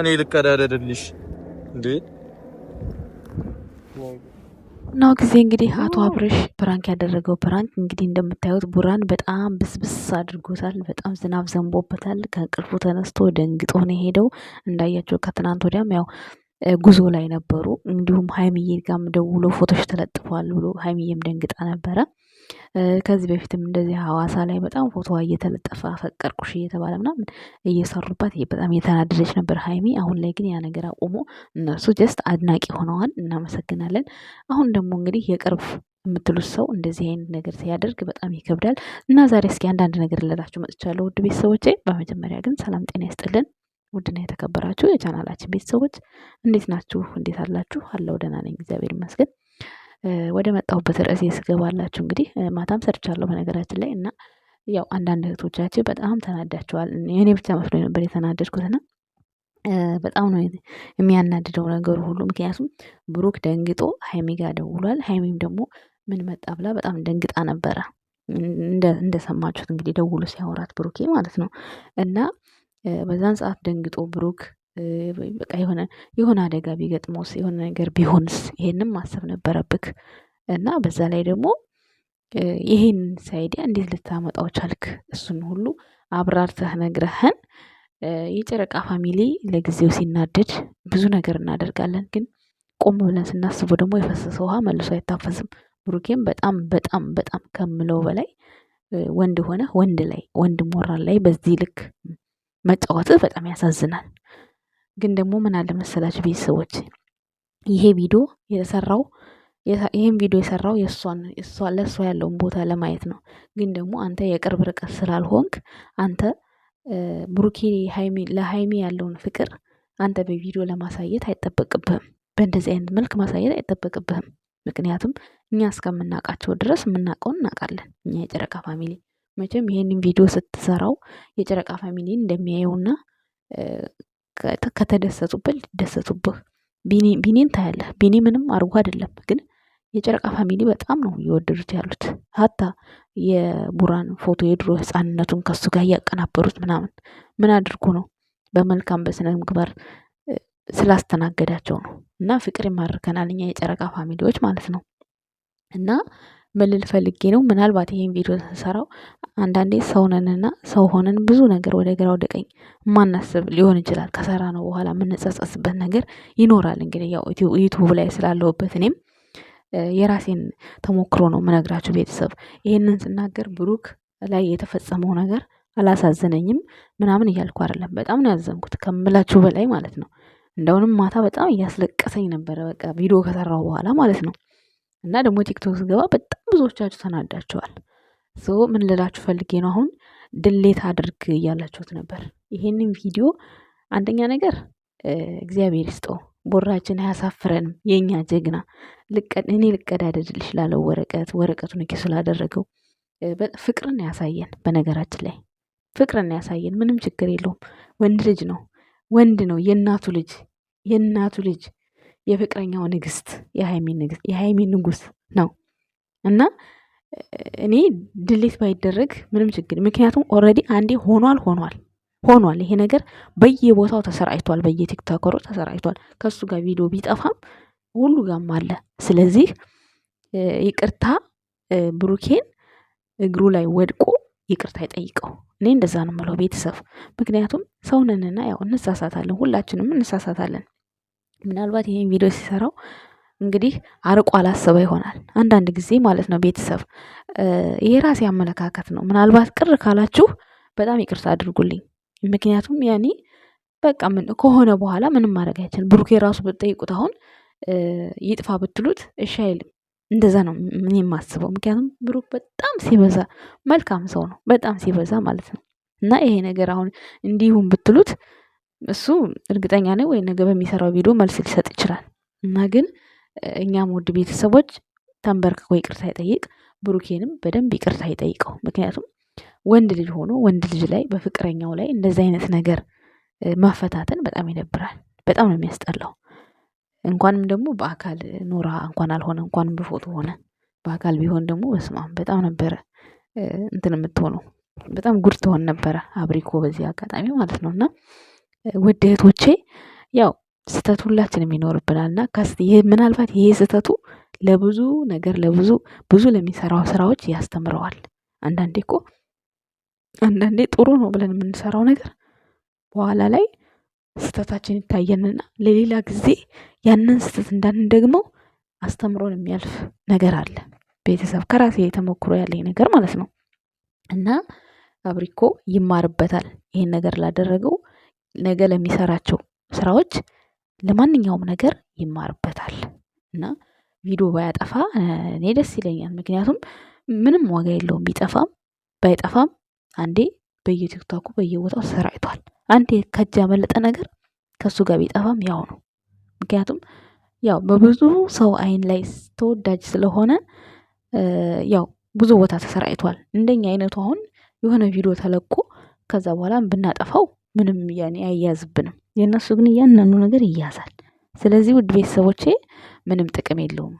እኔ ልቀዳደድልሽ እንዴ ነው ጊዜ እንግዲህ አቶ አብርሽ ፕራንክ ያደረገው ፕራንክ እንግዲህ እንደምታዩት ቡራን በጣም ብስብስ አድርጎታል። በጣም ዝናብ ዘንቦበታል። ከእንቅልፉ ተነስቶ ደንግጦ ነው የሄደው። እንዳያቸው ከትናንት ወዲያም ያው ጉዞ ላይ ነበሩ። እንዲሁም ሀይሚዬ ጋም ደውሎ ፎቶች ተለጥፏል ብሎ ሀይሚዬም ደንግጣ ነበረ። ከዚህ በፊትም እንደዚህ ሀዋሳ ላይ በጣም ፎቶዋ እየተለጠፈ አፈቀርኩሽ እየተባለ ምናምን እየሰሩባት በጣም እየተናደደች ነበር ሀይሚ። አሁን ላይ ግን ያ ነገር አቁሞ እነሱ ጀስት አድናቂ ሆነዋል። እናመሰግናለን። አሁን ደግሞ እንግዲህ የቅርብ የምትሉት ሰው እንደዚህ አይነት ነገር ሲያደርግ በጣም ይከብዳል እና ዛሬ እስኪ አንዳንድ ነገር ልላችሁ መጥቻለሁ ውድ ቤተሰቦቼ። በመጀመሪያ ግን ሰላም ጤና ይስጥልን ውድና የተከበራችሁ የቻናላችን ቤተሰቦች እንዴት ናችሁ? እንዴት አላችሁ? አለው ደህና ነኝ፣ እግዚአብሔር ይመስገን። ወደ መጣሁበት ርዕሴ ስገባላችሁ እንግዲህ ማታም ሰርቻለሁ በነገራችን ላይ እና ያው አንዳንድ እህቶቻችን በጣም ተናዳቸዋል። እኔ ብቻ መስሎኝ ነበር የተናደድኩት እና በጣም ነው የሚያናድደው ነገሩ ሁሉ። ምክንያቱም ብሩክ ደንግጦ ሀይሚ ጋር ደውሏል። ሀይሚም ደግሞ ምን መጣ ብላ በጣም ደንግጣ ነበረ። እንደሰማችሁት እንግዲህ ደውሎ ሲያወራት ብሩኬ ማለት ነው እና በዛን ሰዓት ደንግጦ ብሩክ በቃ የሆነ የሆነ አደጋ ቢገጥመውስ የሆነ ነገር ቢሆንስ ይሄንም ማሰብ ነበረብክ። እና በዛ ላይ ደግሞ ይሄን ሳይዲያ እንዴት ልታመጣው ቻልክ? እሱን ሁሉ አብራርተህ ነግረህን። የጨረቃ ፋሚሊ ለጊዜው ሲናደድ ብዙ ነገር እናደርጋለን፣ ግን ቆም ብለን ስናስበው ደግሞ የፈሰሰ ውሃ መልሶ አይታፈስም። ብሩኬም በጣም በጣም በጣም ከምለው በላይ ወንድ ሆነ ወንድ ላይ ወንድ ሞራል ላይ በዚህ ልክ መጫወትህ በጣም ያሳዝናል። ግን ደግሞ ምን አለ መሰላችሁ ቤተሰቦች ይሄ ቪዲዮ የሰራው ይሄን ቪዲዮ የሰራው የእሷን እሷ ለእሷ ያለውን ቦታ ለማየት ነው። ግን ደግሞ አንተ የቅርብ ርቀት ስላልሆንክ አንተ ብሩኬ ለሀይሚ ያለውን ፍቅር አንተ በቪዲዮ ለማሳየት አይጠበቅብህም። በእንደዚህ አይነት መልክ ማሳየት አይጠበቅብህም። ምክንያቱም እኛ እስከምናውቃቸው ድረስ የምናውቀውን እናውቃለን። እኛ የጨረቃ ፋሚሊ መቼም ይሄንን ቪዲዮ ስትሰራው የጨረቃ ፋሚሊን እንደሚያየውና ከተደሰቱበት ሊደሰቱብህ ቢኒ ቢኒን ታያለህ። ቢኒ ምንም አድርጎ አይደለም ግን የጨረቃ ፋሚሊ በጣም ነው እየወደዱት ያሉት ሀታ የቡራን ፎቶ የድሮ ህፃንነቱን ከሱ ጋር እያቀናበሩት ምናምን ምን አድርጎ ነው በመልካም በስነ ምግባር ስላስተናገዳቸው ነው። እና ፍቅር ይማርከናል እኛ የጨረቃ ፋሚሊዎች ማለት ነው። እና ምን ፈልጌ ነው ምናልባት ይሄን ቪዲዮ ስንሰራው አንዳንዴ ሰውነንና ሰው ሆነን ብዙ ነገር ወደ ግራ ወደ ቀኝ ማናስብ ሊሆን ይችላል። ከሰራነው በኋላ የምንጸጸትበት ነገር ይኖራል። እንግዲህ ያው ዩቲዩብ ላይ ስላለሁበት እኔም የራሴን ተሞክሮ ነው ምነግራችሁ ቤተሰብ ይሄንን ስናገር ብሩክ ላይ የተፈጸመው ነገር አላሳዘነኝም ምናምን እያልኩ አይደለም። በጣም ነው ያዘንኩት ከምላችሁ በላይ ማለት ነው። እንደውንም ማታ በጣም እያስለቀሰኝ ነበረ። በቃ ቪዲዮ ከሰራው በኋላ ማለት ነው። እና ደግሞ ቲክቶክ ስገባ በጣም ብዙዎቻችሁ ተናዳችኋል። ሶ ምን ልላችሁ ፈልጌ ነው አሁን ድሌት አድርግ እያላችሁት ነበር። ይሄንን ቪዲዮ አንደኛ ነገር እግዚአብሔር ይስጠው ቦራችን አያሳፍረንም። የእኛ ጀግና እኔ ልቀዳደድልሽ ላለው ወረቀት ወረቀቱን እኪ ስላደረገው ፍቅርን ያሳየን። በነገራችን ላይ ፍቅርን ያሳየን፣ ምንም ችግር የለውም። ወንድ ልጅ ነው፣ ወንድ ነው፣ የእናቱ ልጅ የእናቱ ልጅ የፍቅረኛው ንግስት የሀይሚ ንጉስ ነው እና እኔ ድሌት ባይደረግ ምንም ችግር ምክንያቱም ኦልሬዲ አንዴ ሆኗል ሆኗል ሆኗል ይሄ ነገር በየቦታው ተሰራጭቷል፣ በየቲክቶከሩ ተሰራጭቷል። ከሱ ጋር ቪዲዮ ቢጠፋም ሁሉ ጋም አለ። ስለዚህ ይቅርታ ብሩኬን እግሩ ላይ ወድቆ ይቅርታ ይጠይቀው። እኔ እንደዛ ነው የምለው ቤተሰብ። ምክንያቱም ሰውነንና ያው እንሳሳታለን፣ ሁላችንም እንሳሳታለን። ምናልባት ይሄን ቪዲዮ ሲሰራው እንግዲህ አርቆ አላሰበ ይሆናል። አንዳንድ ጊዜ ማለት ነው ቤተሰብ የራሴ አመለካከት ነው። ምናልባት ቅር ካላችሁ በጣም ይቅርታ አድርጉልኝ። ምክንያቱም ያኔ በቃ ምን ከሆነ በኋላ ምንም ማድረግ አይችልም። ብሩኬ ራሱ ብትጠይቁት አሁን ይጥፋ ብትሉት እሺ አይልም። እንደዛ ነው ምን የማስበው። ምክንያቱም ብሩክ በጣም ሲበዛ መልካም ሰው ነው፣ በጣም ሲበዛ ማለት ነው። እና ይሄ ነገር አሁን እንዲሁም ብትሉት እሱ እርግጠኛ ነኝ ወይ ነገ በሚሰራው ቪዲዮ መልስ ሊሰጥ ይችላል። እና ግን እኛም ውድ ቤተሰቦች ተንበርክኮ ይቅርታ ይጠይቅ፣ ብሩኬንም በደንብ ይቅርታ ይጠይቀው። ምክንያቱም ወንድ ልጅ ሆኖ ወንድ ልጅ ላይ በፍቅረኛው ላይ እንደዚህ አይነት ነገር ማፈታተን በጣም ይደብራል። በጣም ነው የሚያስጠላው። እንኳንም ደግሞ በአካል ኖራ እንኳን አልሆነ እንኳንም በፎቶ ሆነ። በአካል ቢሆን ደግሞ በስማም በጣም ነበረ እንትን የምትሆነው በጣም ጉድ ትሆን ነበረ አብሪኮ በዚህ አጋጣሚ ማለት ነው እና ውዴቶቼ ያው ስህተት ሁላችንም ይኖርብናል እና ምናልባት ይሄ ስህተቱ ለብዙ ነገር ለብዙ ብዙ ለሚሰራው ስራዎች ያስተምረዋል። አንዳንዴ እኮ አንዳንዴ ጥሩ ነው ብለን የምንሰራው ነገር በኋላ ላይ ስህተታችን ይታየንና ለሌላ ጊዜ ያንን ስህተት ደግሞ አስተምሮን የሚያልፍ ነገር አለ። ቤተሰብ ከራሴ የተሞክሮ ያለኝ ነገር ማለት ነው። እና አብሪኮ ይማርበታል ይህን ነገር ላደረገው ነገ ለሚሰራቸው ስራዎች ለማንኛውም ነገር ይማርበታል እና ቪዲዮ ባያጠፋ እኔ ደስ ይለኛል። ምክንያቱም ምንም ዋጋ የለውም ቢጠፋም ባይጠፋም አንዴ በየቲክቶኩ በየቦታው ተሰራጭቷል። አንዴ ከእጅ ያመለጠ ነገር ከእሱ ጋር ቢጠፋም ያው ነው። ምክንያቱም ያው በብዙ ሰው አይን ላይ ተወዳጅ ስለሆነ ያው ብዙ ቦታ ተሰራይቷል። እንደኛ አይነቱ አሁን የሆነ ቪዲዮ ተለቆ ከዛ በኋላ ብናጠፋው ምንም ያኔ አያያዝብንም። የእነሱ ግን እያንዳንዱ ነገር ይያዛል። ስለዚህ ውድ ቤተሰቦቼ ምንም ጥቅም የለውም።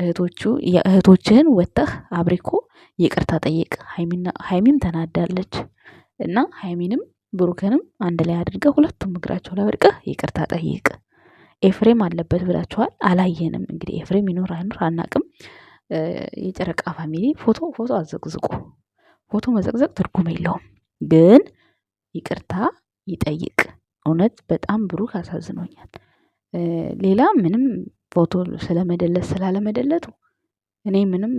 እህቶቹ እህቶችህን ወጥተህ አብሪኮ ይቅርታ ጠይቅ። ሀይሚም ተናዳለች እና ሀይሚንም ብሩከንም አንድ ላይ አድርገህ ሁለቱም እግራቸው ላይ ወድቀህ ይቅርታ ጠይቅ። ኤፍሬም አለበት ብላችኋል። አላየንም እንግዲህ ኤፍሬም ይኖር አይኖር አናቅም። የጨረቃ ፋሚሊ ፎቶ ፎቶ አዘቅዝቁ። ፎቶ መዘቅዘቅ ትርጉም የለውም ግን ይቅርታ ይጠይቅ። እውነት በጣም ብሩክ አሳዝኖኛል። ሌላ ምንም ፎቶ ስለመደለት ስላለመደለቱ እኔ ምንም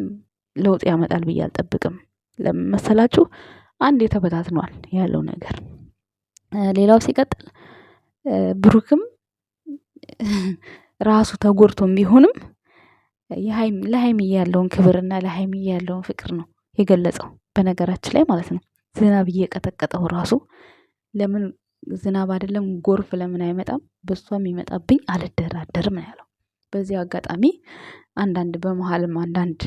ለውጥ ያመጣል ብዬ አልጠብቅም። ለምን መሰላችሁ? አንዴ ተበታትኗል ያለው ነገር። ሌላው ሲቀጥል ብሩክም ራሱ ተጎድቶም ቢሆንም ለሀይሚ ያለውን ክብርና ለሀይሚ ያለውን ፍቅር ነው የገለጸው። በነገራችን ላይ ማለት ነው ዝናብ እየቀጠቀጠው ራሱ ለምን ዝናብ አይደለም ጎርፍ ለምን አይመጣም? በሷ የሚመጣብኝ አልደራደርም ነው ያለው። በዚህ አጋጣሚ አንዳንድ በመሀልም አንዳንድ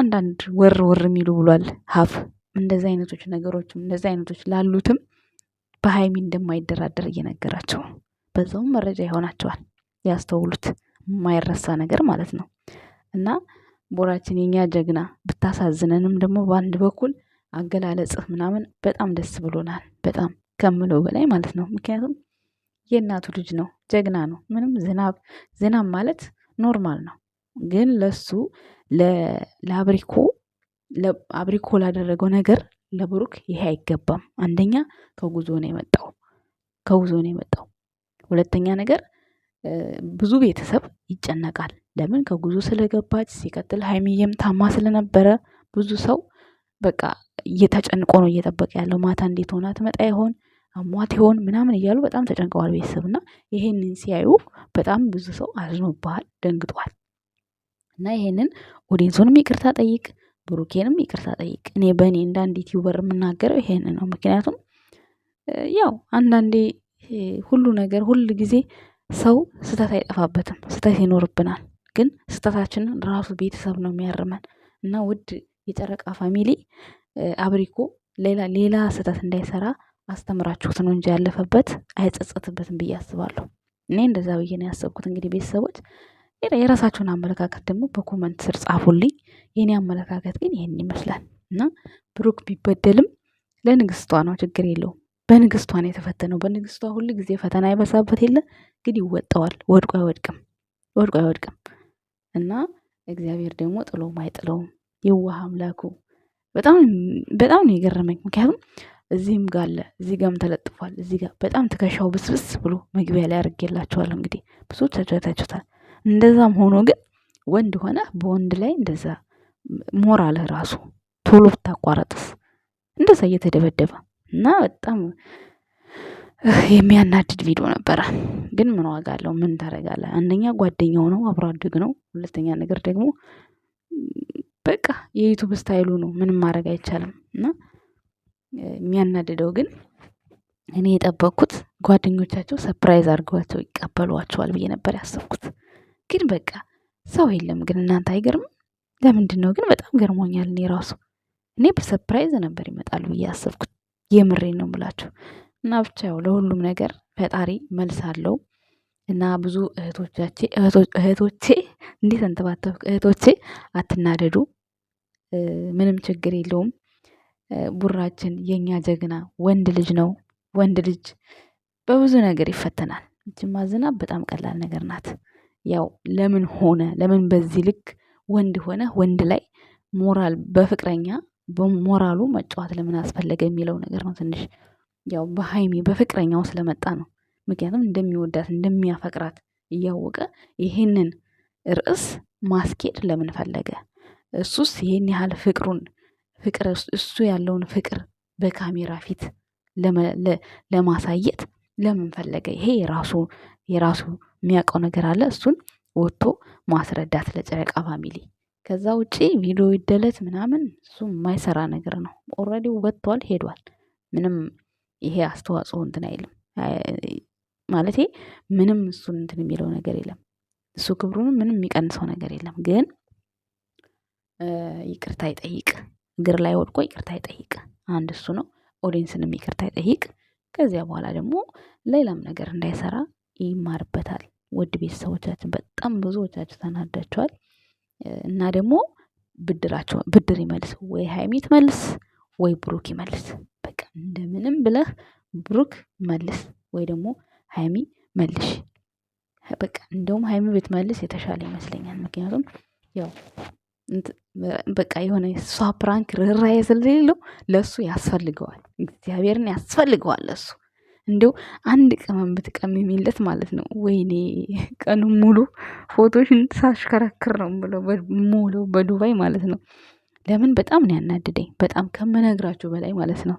አንዳንድ ወር ወር የሚሉ ብሏል ሀፍ እንደዚህ አይነቶች ነገሮችም እንደዚህ አይነቶች ላሉትም በሀይሚ እንደማይደራደር እየነገራቸው በዛውም መረጃ ይሆናቸዋል ያስተውሉት። የማይረሳ ነገር ማለት ነው እና ቦራችን የኛ ጀግና ብታሳዝነንም ደግሞ በአንድ በኩል አገላለጽህ ምናምን በጣም ደስ ብሎናል በጣም ከምለው በላይ ማለት ነው። ምክንያቱም የእናቱ ልጅ ነው፣ ጀግና ነው። ምንም ዝናብ ዝናብ ማለት ኖርማል ነው፣ ግን ለሱ ለአብሪኮ አብሪኮ ላደረገው ነገር ለብሩክ ይሄ አይገባም። አንደኛ ከጉዞ ነው የመጣው ከጉዞ ነው የመጣው። ሁለተኛ ነገር ብዙ ቤተሰብ ይጨነቃል። ለምን ከጉዞ ስለገባች። ሲቀጥል ሀይሚዬም ታማ ስለነበረ ብዙ ሰው በቃ እየተጨንቆ ነው እየጠበቀ ያለው። ማታ እንዴት ሆና ትመጣ ይሆን? አሟት ይሆን ምናምን እያሉ በጣም ተጨንቀዋል ቤተሰብ እና ይሄንን ሲያዩ በጣም ብዙ ሰው አዝኖብሃል፣ ደንግጧል። እና ይሄንን ኦዲንሱንም ይቅርታ ጠይቅ፣ ብሩኬንም ይቅርታ ጠይቅ። እኔ በእኔ እንደ አንድ ዩቲዩበር የምናገረው ይሄን ነው። ምክንያቱም ያው አንዳንዴ ሁሉ ነገር ሁል ጊዜ ሰው ስህተት አይጠፋበትም። ስህተት ይኖርብናል፣ ግን ስህተታችንን ራሱ ቤተሰብ ነው የሚያርመን እና ውድ የጨረቃ ፋሚሊ አብሪኮ ሌላ ሌላ ስህተት እንዳይሰራ አስተምራችሁት ነው እንጂ ያለፈበት አይጸጸትበትም ብዬ አስባለሁ። እኔ እንደዛ ብዬ ነው ያሰብኩት። እንግዲህ ቤተሰቦች የራሳችሁን አመለካከት ደግሞ በኮመንት ስር ጻፉልኝ። የኔ አመለካከት ግን ይህን ይመስላል እና ብሩክ ቢበደልም ለንግስቷ ነው፣ ችግር የለውም። በንግስቷ ነው የተፈተነው። በንግስቷ ሁሉ ጊዜ ፈተና ይበዛበት የለ ግን ይወጠዋል። ወድቆ አይወድቅም፣ ወድቆ አይወድቅም እና እግዚአብሔር ደግሞ ጥሎም አይጥለውም። የዋህ አምላኩ በጣም በጣም ነው የገረመኝ ምክንያቱም እዚህም ጋር አለ እዚህ ጋርም ተለጥፏል። እዚህ ጋር በጣም ትከሻው ብስብስ ብሎ መግቢያ ላይ አድርጌላችኋለሁ። እንግዲህ ብዙ አይታችሁታል። እንደዛም ሆኖ ግን ወንድ ሆነ በወንድ ላይ እንደዛ ሞራልህ ራሱ ቶሎ ብታቋረጥስ እንደዛ እየተደበደበ እና በጣም የሚያናድድ ቪዲዮ ነበረ። ግን ምን ዋጋ አለው? ምን ታደርጋለህ? አንደኛ ጓደኛው ነው፣ አብሮ አደግ ነው። ሁለተኛ ነገር ደግሞ በቃ የዩቱብ ስታይሉ ነው። ምንም ማድረግ አይቻልም እና የሚያናድደው ግን እኔ የጠበቅኩት ጓደኞቻቸው ሰፕራይዝ አድርገዋቸው ይቀበሏቸዋል ብዬ ነበር ያሰብኩት። ግን በቃ ሰው የለም። ግን እናንተ አይገርምም? ለምንድን ነው ግን? በጣም ገርሞኛል። እኔ ራሱ እኔ በሰፕራይዝ ነበር ይመጣሉ ብዬ ያሰብኩት። የምሬ ነው ብላችሁ እና ብቻ ያው ለሁሉም ነገር ፈጣሪ መልስ አለው እና ብዙ እህቶቻቼ እህቶቼ እንዴት እንተባተብኩ እህቶቼ፣ አትናደዱ፣ ምንም ችግር የለውም። ቡራችን የኛ ጀግና ወንድ ልጅ ነው። ወንድ ልጅ በብዙ ነገር ይፈተናል። እጅማ ዝናብ በጣም ቀላል ነገር ናት። ያው ለምን ሆነ ለምን በዚህ ልክ ወንድ ሆነ ወንድ ላይ ሞራል በፍቅረኛ በሞራሉ መጫወት ለምን አስፈለገ የሚለው ነገር ነው። ትንሽ ያው በሀይሚ በፍቅረኛው ስለመጣ ነው። ምክንያቱም እንደሚወዳት እንደሚያፈቅራት እያወቀ ይህንን ርዕስ ማስኬድ ለምን ፈለገ? እሱስ ይህን ያህል ፍቅሩን ፍቅር እሱ ያለውን ፍቅር በካሜራ ፊት ለማሳየት ለምን ፈለገ? ይሄ የራሱ የራሱ የሚያውቀው ነገር አለ። እሱን ወጥቶ ማስረዳት ለጨረቃ ፋሚሊ። ከዛ ውጪ ቪዲዮ ይደለት ምናምን እሱ የማይሰራ ነገር ነው። ኦልሬዲ ወጥቷል፣ ሄዷል። ምንም ይሄ አስተዋጽኦ እንትን አይልም ማለት ምንም እሱን እንትን የሚለው ነገር የለም። እሱ ክብሩንም ምንም የሚቀንሰው ነገር የለም። ግን ይቅርታ ይጠይቅ። እግር ላይ ወድቆ ይቅርታ ይጠይቅ አንድ እሱ ነው ኦዲንስንም ይቅርታ ይጠይቅ። ከዚያ በኋላ ደግሞ ሌላም ነገር እንዳይሰራ ይማርበታል። ውድ ቤተሰቦቻችን በጣም ብዙዎቻችሁ ተናዳችኋል። እና ደግሞ ብድራቸው ብድር ይመልስ ወይ ሀይሚት ትመልስ ወይ ብሩክ ይመልስ በቃ እንደምንም ብለህ ብሩክ መልስ ወይ ደግሞ ሀይሚ መልሽ። በቃ እንደውም ሃይሚ ብትመልስ የተሻለ ይመስለኛል። ምክንያቱም ያው በቃ የሆነ እሷ ፕራንክ ርኅራኄ ስለሌለው ለእሱ ያስፈልገዋል፣ እግዚአብሔርን ያስፈልገዋል። ለሱ እንዲሁ አንድ ቀመን ብትቀም የሚለት ማለት ነው። ወይኔ ቀኑ ሙሉ ፎቶሽን ሳሽከረክር ነው ሙሉ በዱባይ ማለት ነው። ለምን በጣም ነው ያናደደኝ፣ በጣም ከምነግራችሁ በላይ ማለት ነው።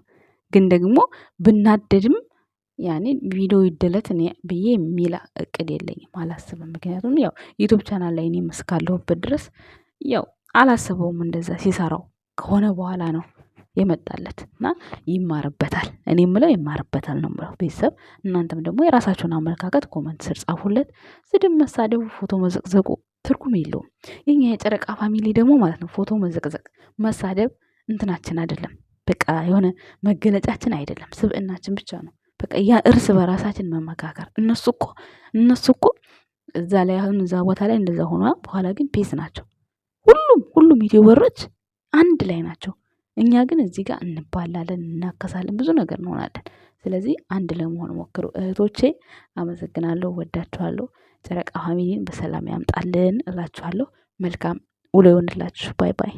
ግን ደግሞ ብናደድም ያኔ ቪዲዮ ይደለት እኔ ብዬ የሚል እቅድ የለኝም፣ አላስብም። ምክንያቱም ያው ዩቱብ ቻናል ላይ እኔም እስካለሁበት ድረስ ያው አላሰበውም እንደዛ ሲሰራው ከሆነ በኋላ ነው የመጣለት እና ይማርበታል። እኔ ምለው ይማርበታል ነው ምለው ቤተሰብ እናንተም ደግሞ የራሳችሁን አመለካከት ኮመንት ስር ጻፉለት። ስድብ መሳደቡ፣ ፎቶ መዘቅዘቁ ትርጉም የለውም። የኛ የጨረቃ ፋሚሊ ደግሞ ማለት ነው ፎቶ መዘቅዘቅ፣ መሳደብ እንትናችን አይደለም። በቃ የሆነ መገለጫችን አይደለም፣ ስብእናችን ብቻ ነው። በቃ ያ እርስ በራሳችን መመካከር። እነሱ እኮ እነሱ እኮ እዛ ላይ አሁን እዛ ቦታ ላይ እንደዛ ሆኗ፣ በኋላ ግን ፔስ ናቸው። ሁሉም ዩቲዩበሮች አንድ ላይ ናቸው። እኛ ግን እዚህ ጋር እንባላለን፣ እናከሳለን፣ ብዙ ነገር እንሆናለን። ስለዚህ አንድ ለመሆን ሞክሩ እህቶቼ። አመሰግናለሁ፣ ወዳችኋለሁ። ጨረቃ ፋሚሊን በሰላም ያምጣልን እላችኋለሁ። መልካም ውሎ ይሆንላችሁ። ባይ ባይ